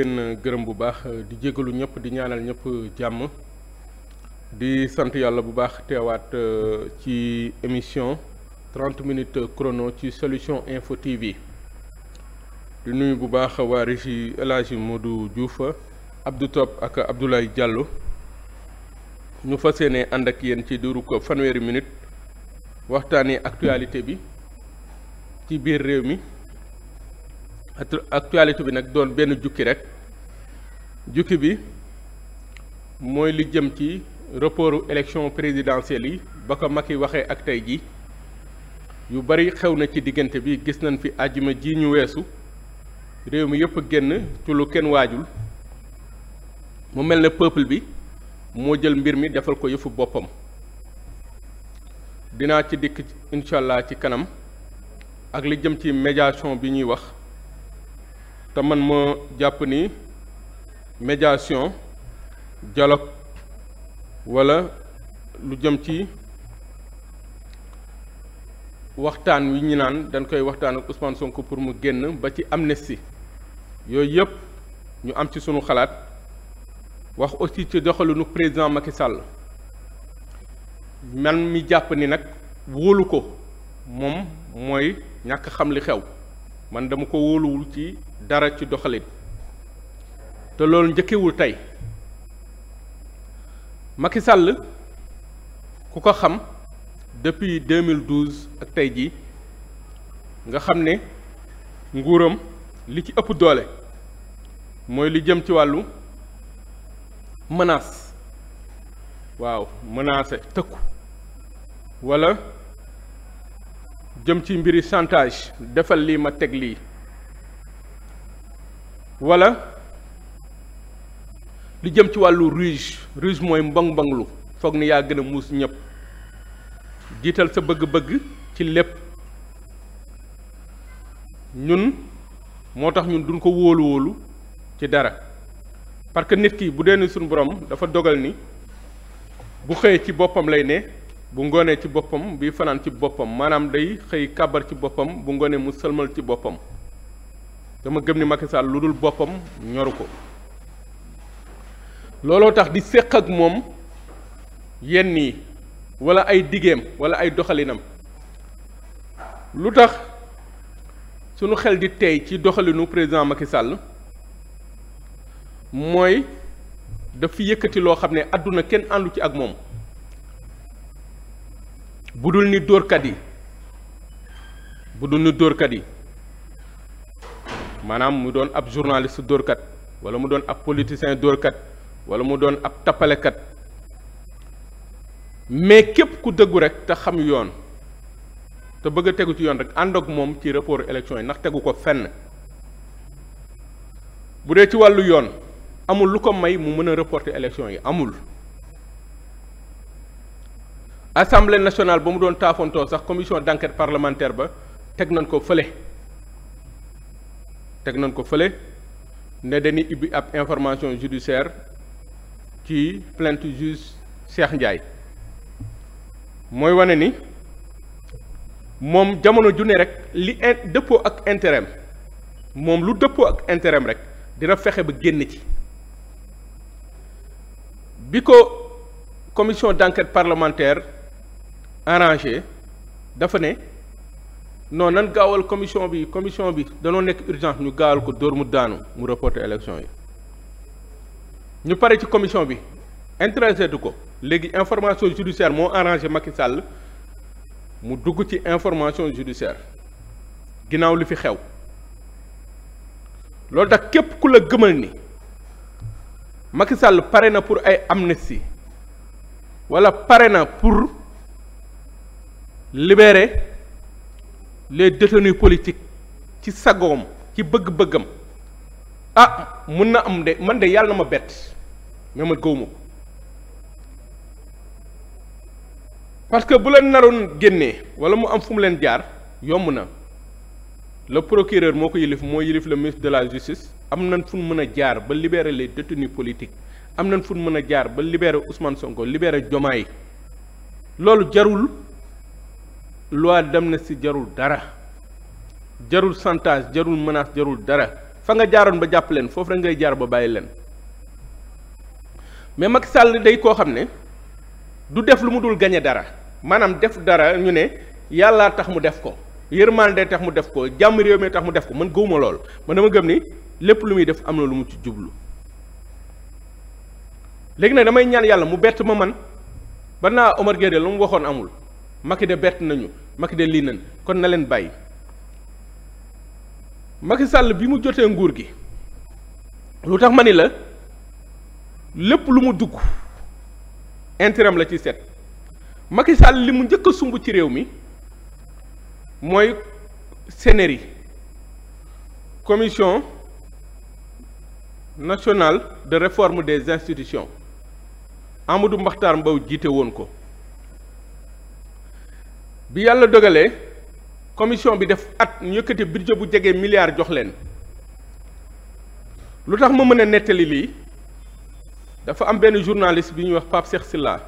leen gërëm bu baax di jégalu ñëpp di ñaanal ñëpp jàmm di sant yàlla bu baax teewaat euh, ci émission 30 minutes chrono ci solution info TV di nuyu bu baax waa régie El Hadji Modou Diouf Abdou ak Abdoulaye Diallo ñu fa yéene ànd ak yéen ci diiru ko fanweeri minute waxtaanee actualité bi ci biir réew mi actualité bi nag doon benn jukki rek jukki bi mooy li jëm ci reportu élection présidentielle yi ba ko Macky waxee ak tey ji yu bari xew na ci diggante bi gis nañ fi àjjuma ji ñu weesu réew mi yëpp génn ci lu kenn waajul mu mel ne peuple bi moo jël mbir mi defal ko yëfu boppam dinaa ci dikk incha allah ci kanam ak li jëm ci médiation bi ñuy wax te man moo jàpp ni médiation dialogue wala lu jëm ci waxtaan wi ñu naan dañ koy waxtaan ak Ousmane ko pour mu génn ba ci amnistie yooyu yëpp ñu am ci sunu xalaat wax aussi ci doxalinu président Macky Sall man mi jàpp ni nag wóolu ko moom mooy ñàkk xam li xew man dama ko wóoluwul ci dara ci doxalin. te loolu njëkkewul tey Macky Sall ku ko xam depuis 2012 ak tey jii nga xam ne nguuram li ci ëpp doole mooy li jëm ci wàllu mënaas waaw menacé tëkku walla jëm ci mbiri chantage defal lii ma teg lii walla li jëm ci wàllu ruse ruse mooy mbang lu foog ni yaa gën a muus ñëpp jiital sa bëgg-bëgg ci lépp ñun moo tax ñun duñ ko wóolu wóolu ci dara parce que nit ki bu dee ni suñu borom dafa dogal ni bu xëyee ci boppam lay ne bu ngoonee ci boppam bi fanaan ci boppam maanaam day xëy kàbbar ci boppam bu ngoonee mu sëlmal ci boppam dama gëm ni Macky Sall lu dul boppam ñoru ko looloo tax di séq ak moom yenn yi wala ay digeem wala ay doxalinam lu tax sunu xel di tey ci doxalinu président Macky sàll mooy daf fi yëkkati loo xam ne àdduna kenn àndu ci ak moom bu dul ni dóorkat yi bu dul ni dóorkat yi maanaam mu doon ab journaliste dóorkat wala mu doon ab politicien dóorkat wala mu doon ab tappalekat mais képp ku dëggu rek te xam yoon te bëgg a tegu ci yoon rek ànd ak moom ci rapport élection yi ndax tegu ko fenn bu dee ci wàllu yoon amul lu ko may mu mën a reporter élection yi amul assemblée nationale ba mu doon taafontoo sax commission d'enquête parlementaire ba teg nañ ko fële teg nañ ko fële ne dañuy ibbi ab information judiciaire ci plainte juge Cheikh Ndiaye mooy wane ni moom jamono ju ne rek li dëppoo ak intérêt moom lu dëppoo ak intérêt rek dina fexe ba génn ci bi ko commission d'enquête parlementaire arrangé dafa ne non nan gaawal commission bi commission bi danoo nekk urgence ñu gaawal ko dóor mu daanu mu reporter élection yi ñu pare ci commission bi intéressé tu ko léegi information judiciaire moo arrangé Macky Sall mu dugg ci information judiciaire ginnaaw lu fi xew loolu tax képp ku la gëmal ni Macky Sall pare na pour ay amnistie wala pare na pour libérer les détenus politiques ci sagoom ci bëgg-bëggam ah mun na am de man de yàlla na ma bett mais man gëwuma ko parce que bu leen naroon génnee wala mu am fu mu leen jaar yomb na la procureur moo ko yilif moo yilif le ministre de la justice am nañ fu mu mën a jaar ba libérer les détenus politiques am nañ fu mën a jaar ba libérer Ousmane Sonko libérer Diomaye loolu jarul loi si jarul dara jarul chantage jarul menace jarul dara fa nga jaaroon ba jàpp leen foofu rek ngay jaar ba bàyyi leen mais mag sàll day koo xam ne du def lu mu dul gañe dara maanaam def dara ñu ne yàllaa tax mu def ko yërmande tax mu def ko jàmm réew mi tax mu def ko man gëwuma lool man dama gëm ni lépp lu muy def am na lu mu ci jublu léegi nag damay ñaan yàlla mu bett ma man ba naa Omar lu mu waxoon amul Macky de bett nañu Macky de lii nañ kon na leen bàyyi Macky Sall bi mu jotee nguur gi lu tax ma ni la lépp lu mu dugg intérim la ci set Macky Sall li mu njëkk a sumb ci réew mi mooy CNRI commission nationale de réforme des institutions Amadou Mahtar Mbow jiite woon ko bi yàlla dogalee commission bi def at ñu yëkkati budget bu jege milliard jox leen lu tax ma mën a nettali lii dafa am benn journaliste bi ñuy wax Pape Cheikh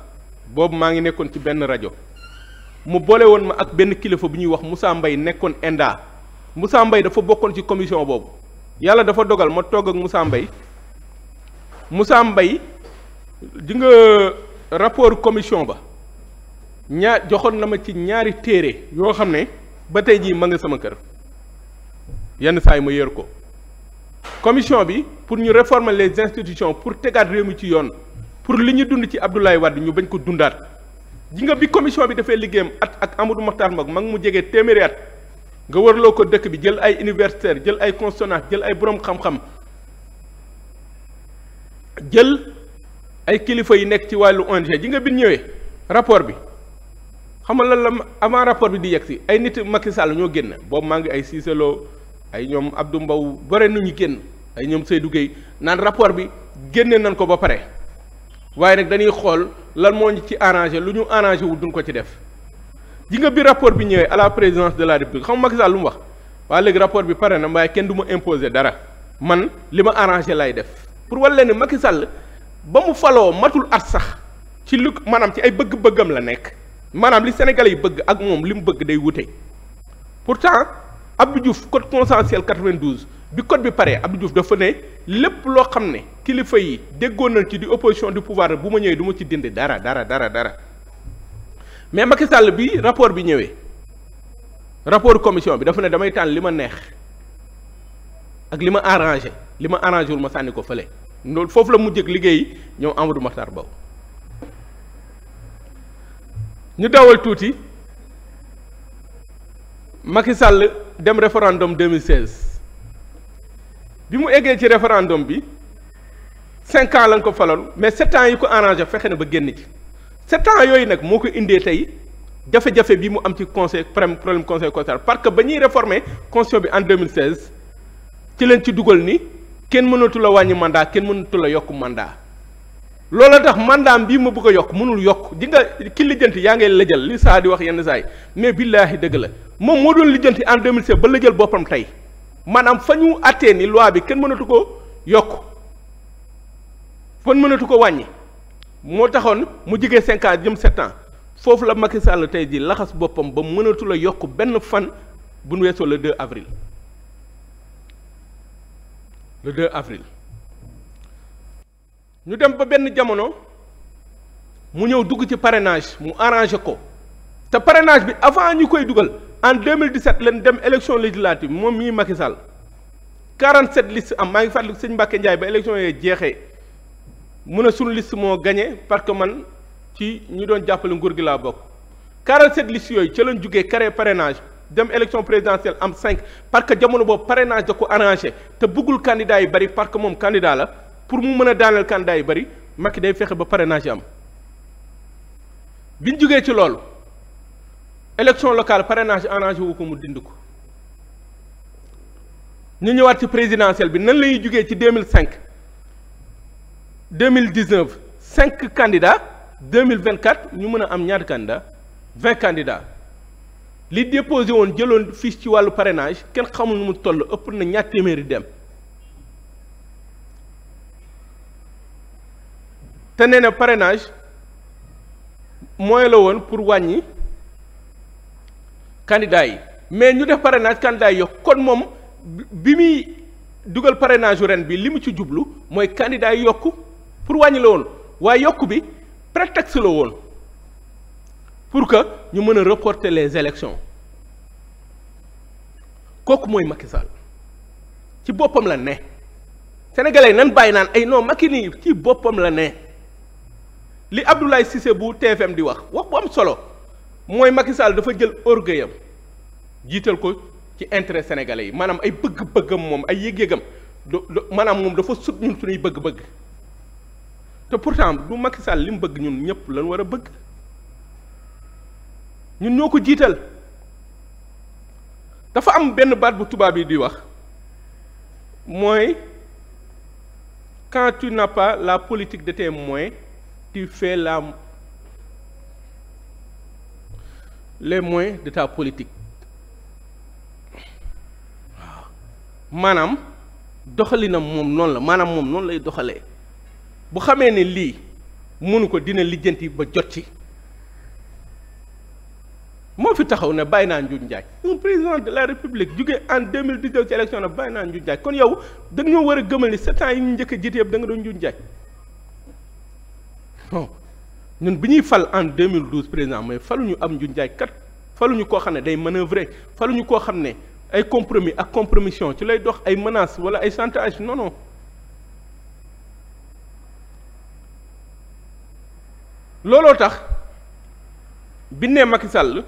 boobu maa ngi nekkoon ci benn rajo mu boole woon ma ak benn kilifa bu ñuy wax Moussa mbay nekkoon ENDA musaa mbay dafa bokkoon ci commission boobu yàlla dafa dogal ma toog ak Moussa mbay Moussa mbay dinga nga rapport commission ba ñaar joxoon na ma ci ñaari téere yoo xam ne ba tey jii mën nga sama kër yenn saa yi ma yër ko commission bi pour ñu réformer les institutions pour tegaat réew mi ci yoon pour li ñu dund ci Abdoulaye Wade ñu bañ ko dundaat ji nga bi commission bi dafay liggéeyam at ak Amadou Mahtar Mbow ma mu jege téeméeri at nga loo ko dëkk bi jël ay universitaire jël ay consonant jël ay borom xam-xam jël ay kilifa yi nekk ci wàllu ONG ji nga bin ñëwee rapport bi xam nga lan la avant rapport bi di yegg si ay nit Macky Sall ñoo génn boobu maa ngi ay Cissé ay ñoom Abdou Mbow bare ñu génn ay ñoom Seydou Guèye naan rapport bi génne nañ ko ba pare waaye nag dañuy xool lan moo ci arrangé lu ñu arrangé wu duñ ko ci def ji nga bi rapport bi ñëwee à la présidence de la république xam nga Macky lu mu wax waaye léegi rapport bi pare na waaye kenn du ma imposer dara man li ma arrangé lay def pour wàll leen ne Macky Sall ba faloo matul at sax ci lu maanaam ci ay bëgg-bëggam la nekk. maanaam li Sénégalais yi bëgg ak moom li mu bëgg day wute pour pourtant Abdou Diouf code consensuel 92 bi code bi pare Abdou Diouf dafa ne lépp loo xam ne kilifa yi déggoon na ci di opposition du pouvoir bu ma ñëwee du ma ci dindi dara dara dara dara mais Macky Sall bi rapport bi ñëwee rapport commission bi dafa ne damay tànn li ma neex ak li ma arrangé li ma arrangé wul ma sànni ko fële loolu foofu la mujjee ak liggéey ñoom Amadou Makhtar Mbow ñu dawal tuuti Macky Sall dem référendum 2016 bi mu eggee ci référendum bi cinq ans lañ ko faloon mais sept yi ko arrangé fexe na ba génn ci sept ans yooyu nag moo ko indee tey jafe-jafe bi mu am ci conseil problème conseil constitutionnel parce que ba ñuy réformer constitution bi en 2016 ci leen ci dugal ni kenn mënatula wàññi mandat kenn mënatu la yokk mandat loola tax mandaam bii ma bëgg a yokk mënul yokk di nga ki lijjanti yaa ngay lëjal li saa di wax yenn saa yi mais billaahi dëgg la moom moo doon lijjanti en 2007 ba lëjal boppam tey maanaam fa ñu attee ni loi bi kenn mënatu ko yokk fan mënatu ko wàññi moo taxoon mu jigee cinq ans jëm sept ans foofu la Macky Sall tey ji laxas boppam ba mënatu la yokk benn fan bu nu weesoo le 2 avril le 2 avril ñu dem ba benn jamono mu ñëw dugg ci parenage mu arrangé ko te parenage bi avant ñu koy dugal en 2017 leen dem élection législative moom mii Macky Sall 47 listes am maa ngi fàttaliku sëñ Mbacke Ndiaye ba élection yee jeexee mu ne suñu moo gagné parce que man ci ñu doon jàppale nguur gi la bokk 47 listes yooyu ci lañ jugee créé parenage dem élection présidentielle am 5 parce que jamono boobu parrainage da ko arrangé te bëggul candidat yi bari parce que moom candidat la. pour mu mën a daaneel candidat yu bari Macky day fexe ba parrainage am biñ jógee ci loolu élection locale parrainage arrangé wu ko mu dind ko ñu ñëwaat ci présidentielle bi nan lañuy jógee ci deux mille cinq deux mille dix neuf cinq candidats deux mille vingt quatre ñu mën a am ñaari candidats vingt candidats li déposé woon jëloon fiche ci wàllu parrainage kenn xamul nu mu toll ëpp na ñaar téeméeri dem. te nee na parrainage mooy la woon pour wàññi candidat yi mais ñu def parrainage candidat yi yokk kon moom bi muy dugal parrainage ren bi li mu ci jublu mooy candidat yi yokk pour wàññi la woon waaye yokk bi prétexte la woon pour que ñu mën a reporter les élections kooku mooy Macky Sall ci boppam la ne sénégalais nan bàyyi naan ay noo Macky nii ci boppam la ne li Abdoulaye Cissé bu TFM di wax wax bu am solo mooy Macky Sall dafa jël orgueilam jiital ko ci intérêt sénégalais yi maanaam ay bëgg-bëggam moom ay yëg-yëgam du maanaam moom dafa sut ñun suñuy bëgg-bëgg te pourtant du Macky Sall li mu bëgg ñun ñëpp lañ war a bëgg ñun ñoo ko jiital dafa am benn baat bu tubaab yi di wax mooy quand tu n'as la politique de tes moyens tu fais la les moyens de ta politique waaw maanaam doxalinam moom noonu la maanaam moom noonu lay doxalee bu xamee ni lii mënu ko dina lijjanti ba jot ci moo fi taxaw ne bàyyi naa Ndiou Ndiaye un président de la république jugee en deux mille dix-neuf ci élection na bàyyi naa Ndiou Ndiaye kon yow da ñoo war a gëmal ni sept yi ñu njëkk a jiite da nga doon Ndiou Ndiaye non ñun bi ñuy fal en 2012 président mooy mais ñu am nju njaay kat ñu koo xam ne day falu ñu koo xam ne ay compromis ak compromission ci lay dox ay menaces wala ay chantage non looloo tax bi ne Macky Sall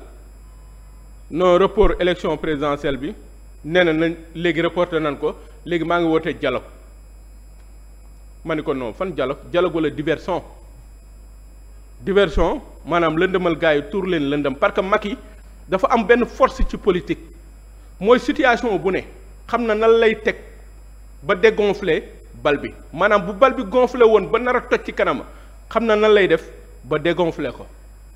non report élection présidentielle bi nee na nañ léegi reporté nañ ko léegi maa ngi wootee dialogue ma ni ko non fan dialogue dialogue wala diversion diversion maanaam lëndëmal gars yi tuur leen lëndëm parce que yi dafa am benn force ci politique mooy situation bu ne xam na nan lay teg ba dégonfler bal bi maanaam bu bal bi gonflé woon ba nara a toj ci kanam xam na nan lay def ba dégonfler ko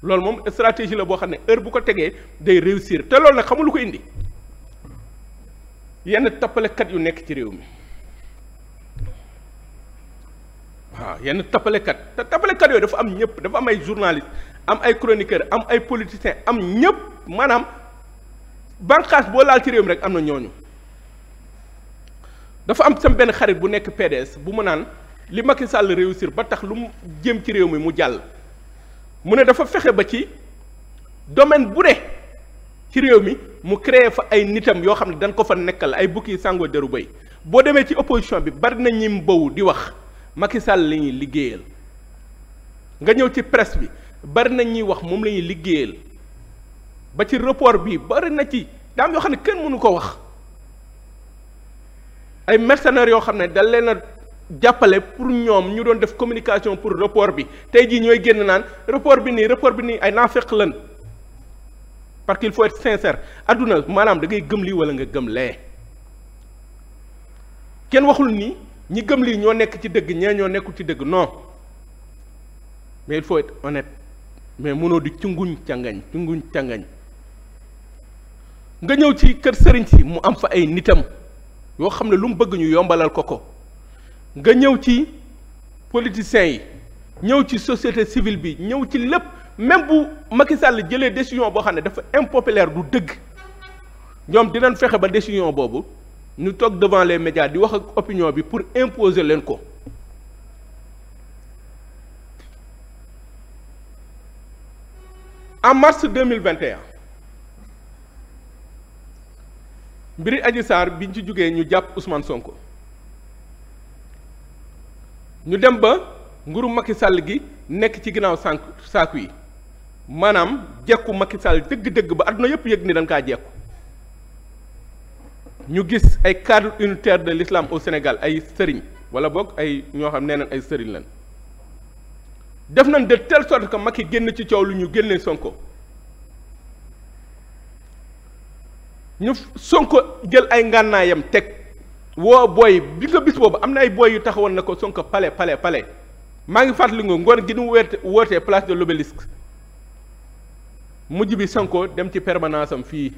loolu moom stratégie la boo xam ne heure bu ko tegee day réussir te loolu nag xamul lu ko indi yenn tappalekat yu nekk ci réew mi. waaw ah, yenn tapalekat te tapalekat yooyu dafa am ñëpp dafa am ay journaliste am ay chroniqueur am ay politicien am ñëpp maanaam bànqaas boo laal ci réew mi rek am na ñooñu dafa am sam benn xarit bu nekk pedes bu mu naan li Macky Sall réussir ba tax lu mu jëm ci réew mi mu jàll mu ne dafa fexe ba ci domaine bu ne ci réew mi mu créé fa ay nitam yoo xam ne dañ ko fa nekkal ay bukki sàngoo deru béy boo demee ci opposition bi bari na ñi bow di wax Macky Sall la liggéeyal nga ñëw ci presse bi bari na ñuy wax moom lañuy liggéeyal ba ci rapport bi bari na ci daam yoo xam ne kenn mënu ko wax ay mercenaires yoo xam ne dal leen a jàppale pour ñoom ñu doon def communication pour rapport bi tey jii ñooy génn naan rapport bi nii rapport bi nii ay naafeq lan parce qu'il faut être sincère adduna maanaam da ngay gëm lii wala nga gëm lee kenn waxul nii ñi gëm lii ñoo nekk ci dëgg ñee ñoo nekkul ci dëgg non mais il faut être honnête mais mënoo di cunguñ càngañ cunguñ càngañ nga ñëw ci kër sëriñ si mu am fa ay nitam yoo xam ne lu mu bëgg ñu yombalal ko ko nga ñëw ci politiciens yi ñëw ci société civile bi ñëw ci lépp même bu Macky Sall jëlee décision boo xam ne dafa impopulaire du dëgg ñoom dinañ fexe ba décision boobu ñu toog devant les médias di wax ak opinion bi pour imposer leen ko en mars deux mille vingt et un mbiri Adji Sarr biñ ci jógee ñu jàpp Ousmane Sonko ñu dem ba nguru Macky sàll gi nekk ci ginnaaw sànk saaku yi maanaam jekku Macky Sall dëgg-dëgg ba àdduna yëpp yëg ni dañ kaa jekku ñu gis ay cadre unitaire de l'islam au Sénégal ay sëriñ wala boog ay ñoo xam nee nañ ay sëriñ lan def nañ de telle sorte mag Macky génn ci coow lu ñu génnee Sonko ñu Sonko jël ay ngànnaayam teg woo booy bi nga bis boobu am na ay booy yu taxawoon na ko Sonko pale pale pale maa ngi fàttali nga ngoon gi mu woote wootee place de l'Obélisque mujj bi Sonko dem ci permanence am fii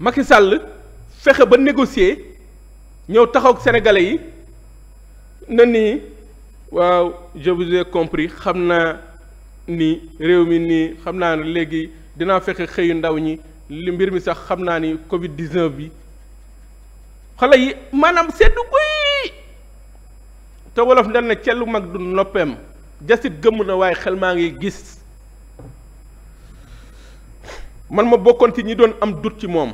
Macky Sall fexe ba négocier ñëw taxaw ak sénégalais yi na nii waaw je vous compris xam naa ni réew mi nii xam naa ni léegi dinaa fexe xëyu ndaw ñi li mbir mi sax xam naa ni Covid 19 bi xale yi maanaam seddu guy te wolof dañ ne cellu mag du noppeem jasit gëmm na waaye xel maa ngi gis man ma bokkoon ci ñi doon am dut ci moom.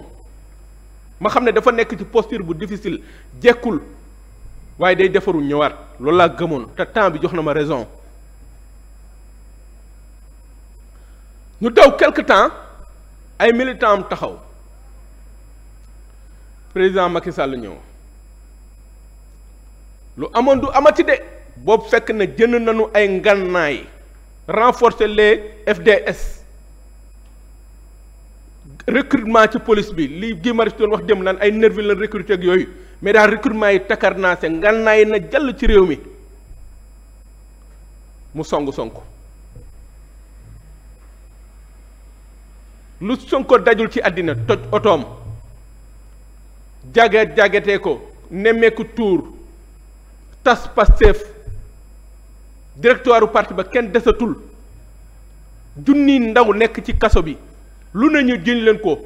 ma xam ne dafa nekk ci posture bu difficile jekkul waaye day defaru ñëwaat loolu laa gëmoon te temps bi jox na ma raison ñu daw quelque temps ay militant am taxaw président Macky Sall ñëw lu amoon du amati de boobu fekk na jënd nañu ay ngànnaay renforcer les FDS recrutement ci police bi lii Guy Marius doon wax dem naan ay nervi la recruter yooyu mais daal recrutement yi takar ngannaay na jàll ci réew mi mu song Sonko lu Sonko dajul ci àddina toj otoom jaget jagetee ko nemmeeku tuur tas Pastef parti ba kenn desatul junni ndaw nekk ci kaso bi lu ne ñu jëñ leen ko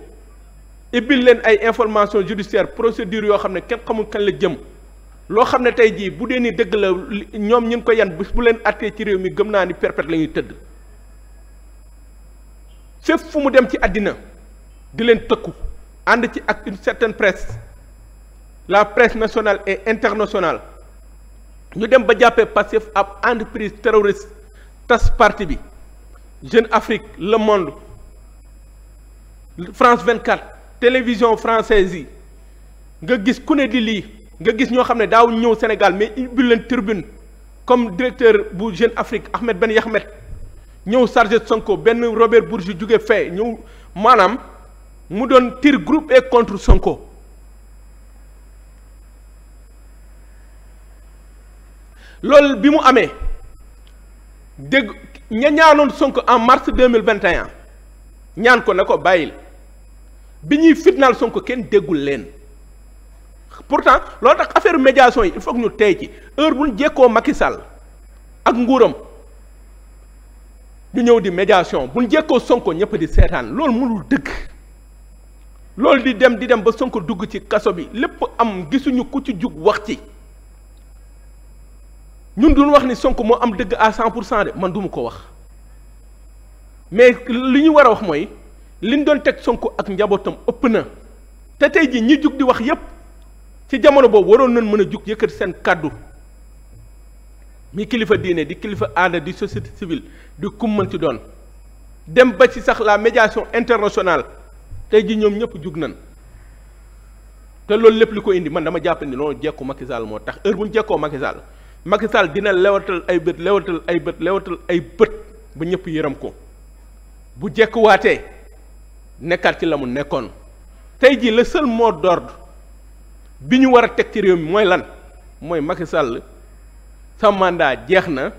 ibbil leen ay information judiciaire procédure yoo xam ne kenn xamul kan la jëm loo xam ne tey jii bu dee ni dëgg la ñoom ñu ngi ko yan bis bu leen attee ci réew mi gëm naa ni perpète la ñuy tëdd fépp fu mu dem ci àddina di leen tëkku ànd ci ak une certaine presse la presse nationale et internationale ñu dem ba jàppee Pastef ab entreprise terroriste tas partie bi Jeune Afrique Le Monde France 24 télévision française yi nga gis ku ne di lii nga gis ñoo xam ne daaw ñëw Sénégal mais ubbi leen tribune comme directeur bu Jeune Afrique Ahmed benn Yahmed ñëw sarge Sonko benn Robert Bourgi jóge fee ñëw maanaam mu doon tir groupe et contre Sonko loolu bi mu amee dégg ña ñaanoon Sonko en mars deux mille vingt et ñaan ko ne ko bàyyil bi ñuy fitnaal Sonko kenn déggul leen pourtant loolu tax affaire médiation yi il faut ñu tey ci heure bu ñu jekkoo Macky Sall ak nguuram ñu ñëw di médiation bu ñu jekkoo Sonko ñëpp di seetaan loolu mënul dëgg loolu di dem di dem ba Sonko dugg ci kaso bi lépp am gisuñu ku ci jug wax ci ñun duñ wax ni Sonko moo am dëgg à cent pour cent de man du mu ko wax mais li ñuy war a wax mooy. li liñ doon teg Sonko ak njabootam ëpp na te tey ji ñi jug di wax yépp ci jamono boobu waroon nañ mën a jug yëkkati seen kàddu mi kilifa diine di kilifa aada di société civile di kum mën ci doon dem ba ci sax la médiation international tey ji ñoom ñëpp jug nañ te loolu lépp li ko indi man dama jàpp ni loolu jekku Macky Sall moo tax heure bu ñu jekkoo Macky Sall dina lewatal ay bët lewatal ay bët lewatal ay bët ba ñépp yëram ko bu jekkuwaatee nekkaat ci la mu nekkoon tey jii la sël moo d'ordre bi ñu war a teg ci réew mi mooy lan mooy Macky Sall sa jeex na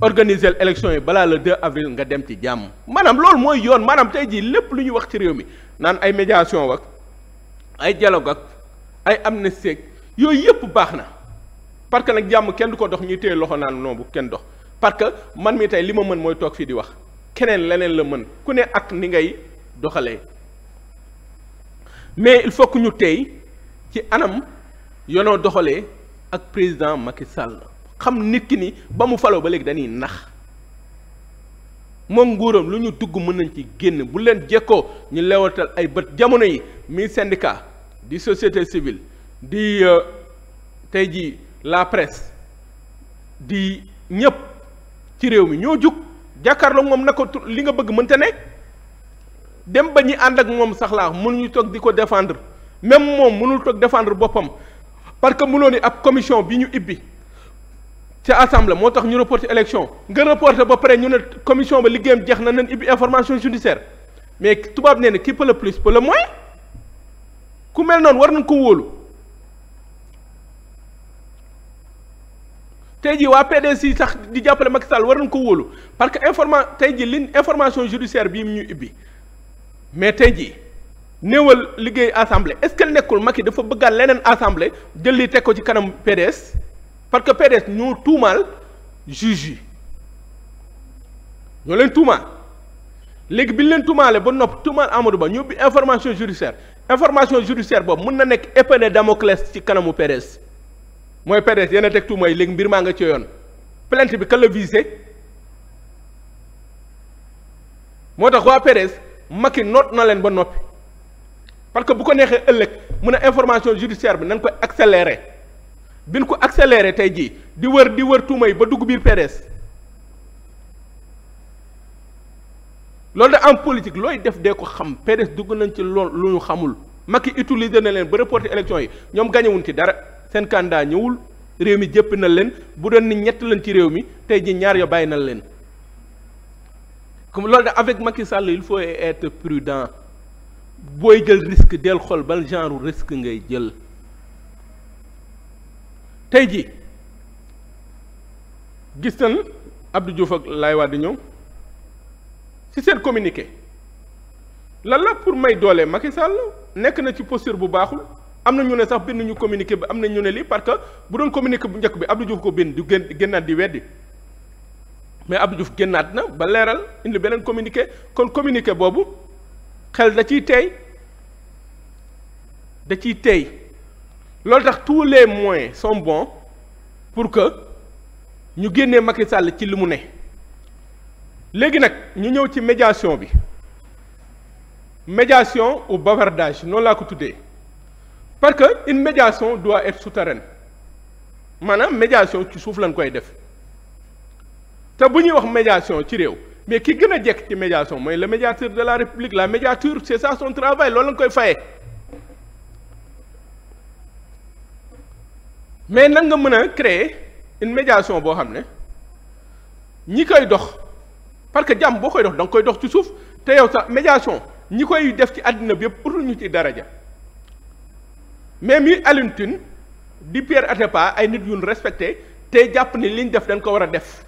organiser élection yi balaa le 2 avril nga dem ci jàmm maanaam loolu mooy yoon maanaam tey jii lépp lu ñuy wax ci réew mi naan ay médiation wak ay dialogue ak ay amnistie yooyu yëpp baax na parce que nag jàmm kenn du ko dox ñuy téye loxo naan non bu kenn dox parce que man mi tey li ma mën mooy toog fii di wax keneen leneen la mën ku ne ak ni doxalee mais il faut ñu tey ci anam yoonoo doxalee ak président Macky Sall xam nit ki ni ba mu falo ba léegi dañuy nax moom nguuram lu ñu dugg mën nañ ci génn bu leen jekkoo ñu lewatal ay bët jamono yi mi syndicat di société civile di euh, tey jii la presse di ñëpp ci réew mi ñoo jug jàkkaarloo moom na ko li nga bëgg mënta nekk dem ba ñi ànd ak moom sax laa ñu toog di ko défendre même moom mënul toog defendre boppam parce que mënoo ni ab commission bi ñu ibbi ca assemblée moo tax ñu reporter élection nga reporter ba pare ñu ne commission ba liggéeyam jeex na nañ ibbi information judiciaire mais tubaab nee na qui peut le plus peut le ku mel noonu war nañ ko wóolu tey jii waa PDS si sax di jàppale Macky Sall war nañ ko wóolu parce que informa tey ji li information judiciaire bii ñu ibbi. mais tey jii néewal liggéey assemblée est-ce que nekkul yi dafa bëggaat leneen assemblée jël lii teg ko ci kanamu PDS parce que PDS ñoo tuumaal juge yi ñoo leen tuumaal léegi bi ñu leen tuumaale ba nopp tuumaal Amadou Ba ñu bi information judiciaire information judiciaire boobu mën na nekk épée de Damoclès ci kanamu PDS mooy PDS yenn a teg tuuma léegi mbir maa nga ci yoon plainte bi kan la visé moo tax waa PDS. makki noot na leen ba noppi parce que bu ko neexee ëllëg mun a information judiciaire bi nañ ko accéléré bi ñu ko accéléré tey jii di wër di wër tuuma yi ba dugg biir PDS loolu da am politique looy def dee ko xam PDS dugg nañ ci lool lu ñu xamul Macky utiliser na leen ba reporter élection yi ñoom gañewuñ ci dara seen candidat ñëwul réew mi jëpp na leen bu doon ni ñett lañ ci réew mi tey jii ñaar yo bàyyi na leen comme loolu nag avec Macky Sall il faut être prudent booy jël risque del xool ban genre risque ngay jël tey ji gis na nañ Abdou Diouf ak Laye di ñëw ci seen communiqué lan la pour may doole Macky Sall nekk na ci posture bu baaxul am na ñu ne sax bind ñu communiqué bi am na ñu ne lii parce que bu doon communiqué bu njëkk bi Abdou Diouf ko bind du génn génnaat di weddi mais Abdou génnaat na ba leeral indi beneen communiqué kon communiqué boobu xel da ciy teey da ciy teey loolu tax tous les moyens sont bons pour que ñu génnee Macky ci li mu ne léegi nag ñu ñëw ci médiation bi médiation ou bavardage noonu laa ko tuddee parce que une médiation doit être souterraine maanaam médiation ci suuf lañ koy def te bu ñuy wax médiation ci réew mais ki gën a jekk ci médiation mooy la médiateur de la république la médiature c'est ça son travail loolu la nga koy fayee mais nan nga mën a créer une médiation boo xam ne ñi koy dox parce que jàmm boo koy dox da nga koy dox ci suuf te yow sax médiation ñi koy def ci àddina bi yëpp pour ñu ci daraja même yi Alioune Tine di Pierre pas ay nit yu ñu respecté te jàpp ni liñ def dañ ko war a def.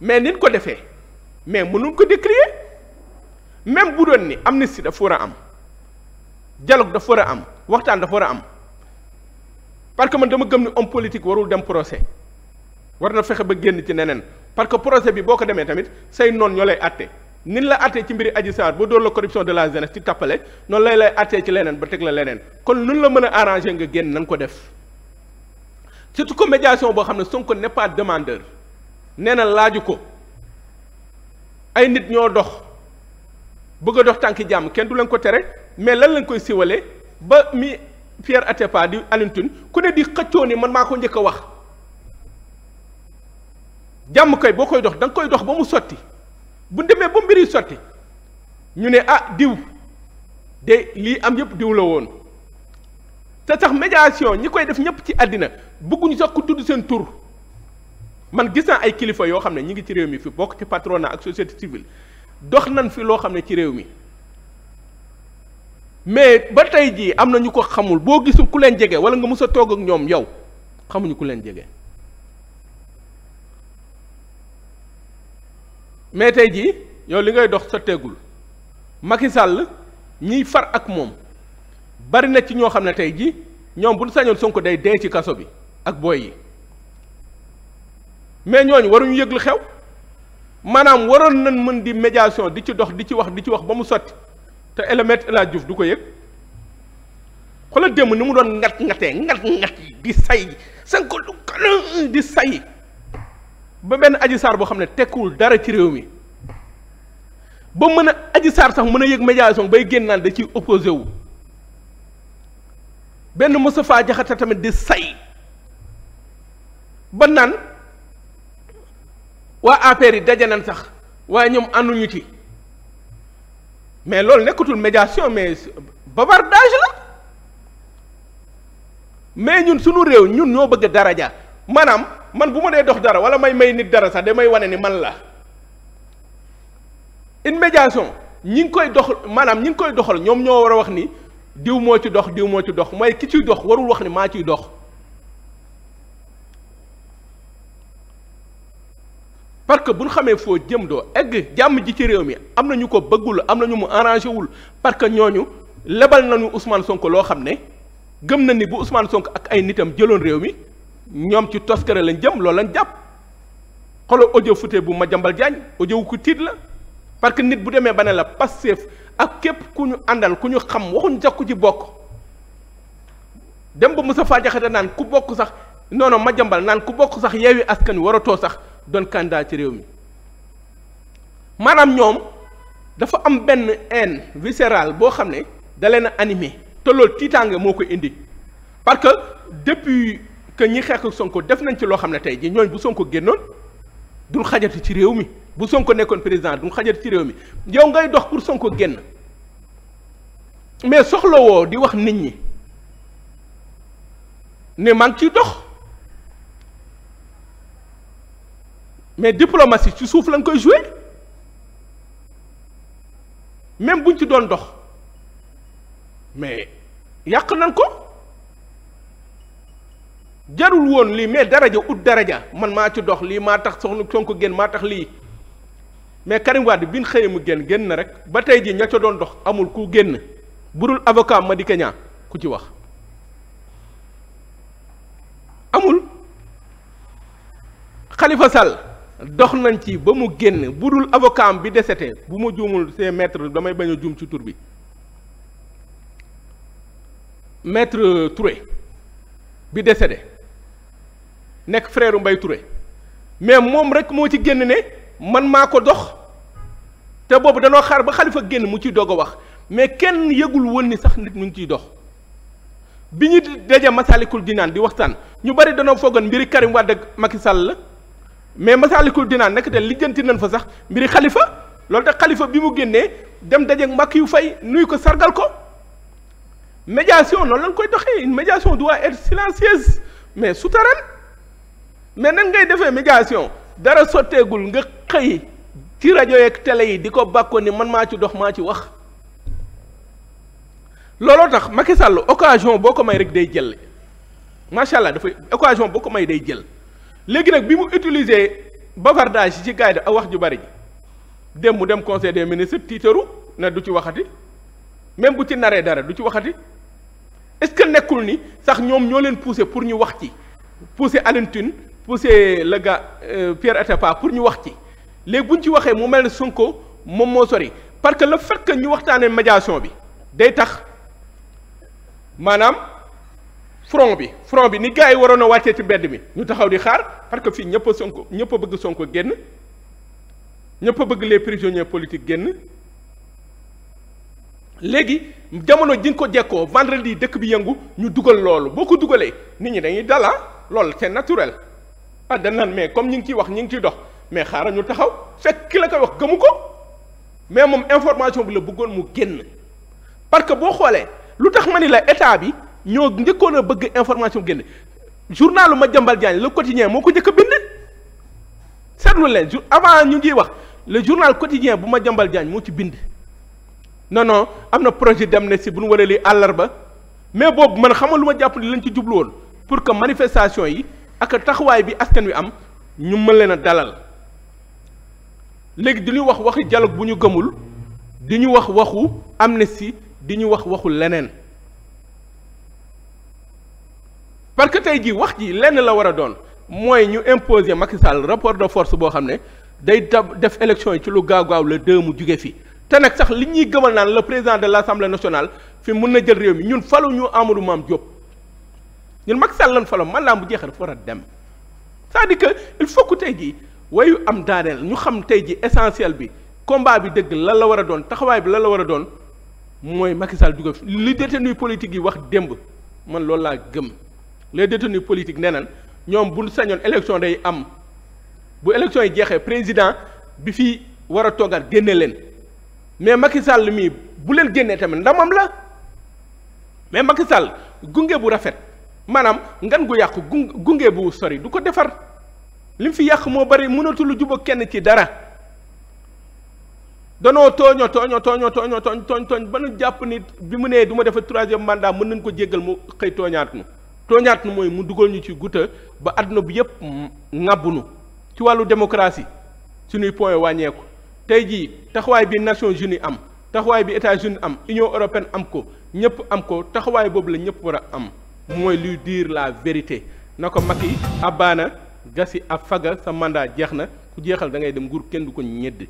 mais nit ko defee mais mënuñ ko décrier même bu doon ni amnistie dafa war a am dialogue dafa war a am waxtaan dafa war a am parce que man dama gëm ni homme politique warul dem procès war na fexe ba génn ci neneen parce que procès bi boo ko demee tamit say noon ñoo lay àtte nin la àttee ci mbiri Adji Sarr ba dóor la corruption de la jeunesse ci tappale noonu lay lay àttee ci leneen ba teg la leneen kon nun la mën a arranger nga génn nan ko def surtout ko médiation boo xam ne Sonko n'est pas demandeur nee na laaju ko ay nit ñoo dox bëgg a dox tànki jàmm kenn du leen ko tere mais lan lañ koy siwalee ba mi Pierre Atepa di Alioune Tine ku ne di xëccoo ni man maa ko njëkk a wax jàmm kay boo koy dox danga koy dox ba mu sotti bu demee ba mbir sotti ñu ne ah diw de lii am yëpp diw la woon te sax médiation ñi koy def ñëpp ci àddina bëgguñu sax ku tudd seen tur man gis naa ay kilifa yoo xam ne ñi ngi ci réew mi fi bokk ci patronat ak société civile dox nañ fi loo xam ne ci réew mi mais ba tey jii am na ñu ko xamul boo gisul ku leen jege wala nga mës a toog ak ñoom yow xamuñu ku leen jege mais tey jii yow li ngay dox sa teegul Macky Sall ñiy far ak moom bari na ci ñoo xam ne tey jii ñoom bu ñu sañoon Sonko day dee ci kaso bi ak booy yi. mais ñooñu waruñu yëg lu xew maanaam waroon nañ mën di médiation di ci dox di ci wax di ci wax ba mu sotti te El Hadj Diouf du ko yëg xoolal démb ni mu doon ngat ngatee ngat ngat di say sanko du kan di say ba benn aji saar boo xam ne tekkuwul dara ci réew mi ba mën a aji saar sax mën a yëg médiation bay génn naan da ciy opposé wu benn Moustapha Jaxate tamit di say ba naan. waa APR yi daje nañ sax waaye ñoom ànduñu ci mais loolu nekkatul médiation mais bavardage la mais ñun suñu réew ñun ñoo bëgg daraja maanaam man bu ma dee dox dara wala may may nit dara sax damay wane ni man la une médiation ñi ngi koy dox maanaam ñi ngi koy doxal ñoom ñoo war a wax ni diw moo ci dox diw moo ci dox mooy ki ciy dox warul wax ni maa ciy dox parce que bu ñu xamee foo jëm doo egg jàmm ji ci réew mi am na ñu ko bëggul am na ñu mu arrangé wul parce que ñooñu lebal nañu Ousmane sonk loo xam ne gëm na ni bu Ousmane sonk ak ay nitam jëloon réew mi ñoom ci toskare lañ jëm loolu lañ jàpp xoolal audio fute bu Madiambal Diagne audio wu ko tiit la parce que nit bu demee ba ne la Pastef ak képp ku ñu àndal ku ñu xam waxuñ sax ku ci bokk dem ba Moustapha Diakhaté naan ku bokk sax non non Madiambal naan ku bokk sax Yewwi Askan Wi waratoo sax. doon candidat ci réew mi maanaam ñoom dafa am benn haine viscérale boo xam ne da leen a animé te loolu tiitaange moo ko indi parce que depuis que ñi xeex Sonko def nañ ci loo xam ne tey ji ñooñ bu Sonko génnoon duñ xajati ci réew mi bu Sonko nekkoon président duñ xajati ci réew mi yow ngay dox pour Sonko génn mais soxlawoo di wax nit ñi ne maa ngi ciy dox. mais diplomatie ci suuf lañ koy joué même buñ ci doon dox mais yàq nañ ko jarul woon lii mais daraja ut daraja man maa ci dox lii maa tax soxna Sonko génn maa tax lii mais Karim Wade bi ñu xëyee génn génn rek ba tey jii ña ca doon dox amul ku génn budul avocat Madické Niang ku ci wax amul Khalifa Sall dox nañ ci ba mu génn bu dul avocat bi desete bu ma juumul c'est maître damay bañ a juum ci tur bi metre Touré bi décédé nekk freeru Mbaye Touré mais moom rek moo ci génn ne man maa ko dox te boobu danoo xaar ba xalifa génn mu ciy doog a wax mais kenn yëgul woon ni sax nit mu ngi ciy dox bi ñu daje Masalikul Jinaan di waxtaan ñu bari danoo foogoon mbiri Karim Wade ak Macky Sall la mais Masaalikul Jinaan nag de lijjanti nañ fa sax mbiri xalifa loolu tax xalifa bi mu génnee dem dajeeg mbàkk yu fay nuyu ko sargal ko médiation noonu lañ koy doxee une médiation doit être silencieuse mais souterraine mais nan ngay defee médiation dara sotteegul nga xëy ci rajo yeeg yi di ko bàkko ni man maa ci dox maa ci wax looloo tax Macky Sall occasion boo ko may rek day jël macha allah dafay occasion boo ko may day jël. léegi nag bi mu utilisé bavardage ci gars yi ak wax ju bari ji dem mu dem conseil des ministres tiitaru na du ci waxati même bu ci naree dara du ci waxati est-ce que nekkul ni sax ñoom ñoo leen poussé pour ñu wax ci poussé Alioune Tine poussé le gars euh, Pierre Atepa pour ñu wax ci léegi bu ñu ci waxee mu mel ne Sonko moom moo sori parce que le fait que ñu waxtaanee médiation bi day tax maanaam. front bi front bi ni gars yi waroon a wàccee ci mbedd mi ñu taxaw di xaar parce que fii ñëpp a sonko ñëpp a bëgg sonko génn ñëpp a bëgg lee prisonniers politiques génn léegi jamono ji nga ko jekkoo vendredi dëkk bi yëngu ñu dugal loolu boo ko dugalee nit ñi dañuy dala loolu c'est naturel ah dañ naan mais comme ñi ngi ciy wax ñi ngi ciy dox mais xaaral ñu taxaw fekk ki la koy wax gëmu ko mais moom information bi la bëggoon mu génn parce que boo xoolee lu tax ma ni la état bi ñoo njëkkoon a bëgg information génne journalu Madiambal Diagne le quotidien moo ko njëkk a bind seetlu leen jour avant ñu ngi wax le journal quotidien bu ma Madiambal Diagne moo ci bind non non am na projet d'amnistie bu nu waree li àllarba mais boobu man xamal lu ma jàpp ni lañ ci jublu woon pour que manifestation yi ak taxawaay bi askan wi am ñu mën leen a dalal léegi di diñuy wax waxi dialogue bu ñu gëmul di ñu wax waxu am amnistie di ñu wax waxu leneen parce que tey jii wax ji lenn la war a doon mooy ñu imposer Macky rapport de force boo xam ne day dab def élection yi ci lu gaaw gaaw la deux mu jóge fi te nag sax li ñuy gëmal naan la président de l' assemblée nationale fi mun na jël réew mi ñun falu ñu Amadou Mame Diop ñun Macky Sall lan falo man laa bu jeexee dafa war a dem cest à que il faut que tey jii wayu am daaneel ñu xam tey jii essentiel bi combat bi dëgg lan la war a doon taxawaay bi lan la war a doon mooy Macky Sall jóge fi li détenu politique yi wax démb man loolu laa gëm les détenus politiques nee nañ ñoom bu sañoon élection day am bu élection yi jeexee président bi fi war a toogal génne leen mais Macky Sall mii bu leen génnee tamit ndamam la mais Macky Sall gunge bu rafet maanaam ngan gu yàqu gun gunge bu sori du ko defar li fi yàq moo bari mënatul jubóo kenn ci dara danoo tooñoo tooñoo tooñoo tooñoo tooñ tooñ tooñ ba nu jàpp ni bi mu nee du ma defa troisième mandat mën nañ ko jéggal mu xëy tooñaat tooñaat nu mooy mu dugal ñu ci guta ba àdduna bi yépp ŋàbbunu ci wàllu démocratie suñuy point wàññeeku tey jii taxawaay bi Nations Unies am taxawaay bi États-Unis am Union européenne am ko ñëpp am ko taxawaay boobu la ñëpp war a am mooy luy diir la vérité na ko Macky abbaana gasi a faga sa mandat jeex na ku jeexal da ngay dem nguur kenn du ko ñedd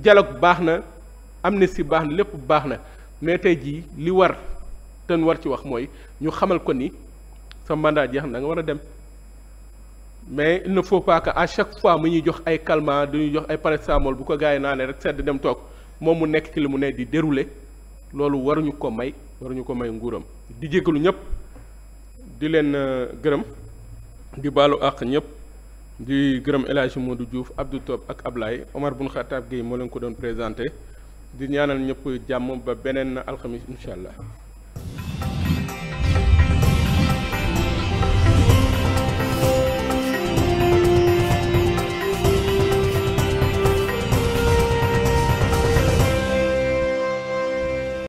dialogue baax na amnistie baax na lépp baax na mais tey jii li war ten war ci wax mooy ñu xamal ko ni sa mandat jeex na da nga war a dem mais il ne faut à chaque fois mu ñuy jox ay calmants du ñu jox ay paracétamol bu ko gars yi naanee rek sedd dem toog moom mu nekk ci li mu ne di dérouler loolu waruñu ko may waruñu ko may nguuram di jégalu ñëpp di leen euh, gërëm di baalu àq ñëpp di gërëm El Hadji Modou Diouf Abdou Top ak ablaay Omar Bun Khattab Gueye moo leen ko doon présenté di ñaanal ñëpp jàmm ba beneen alxamis incha allah.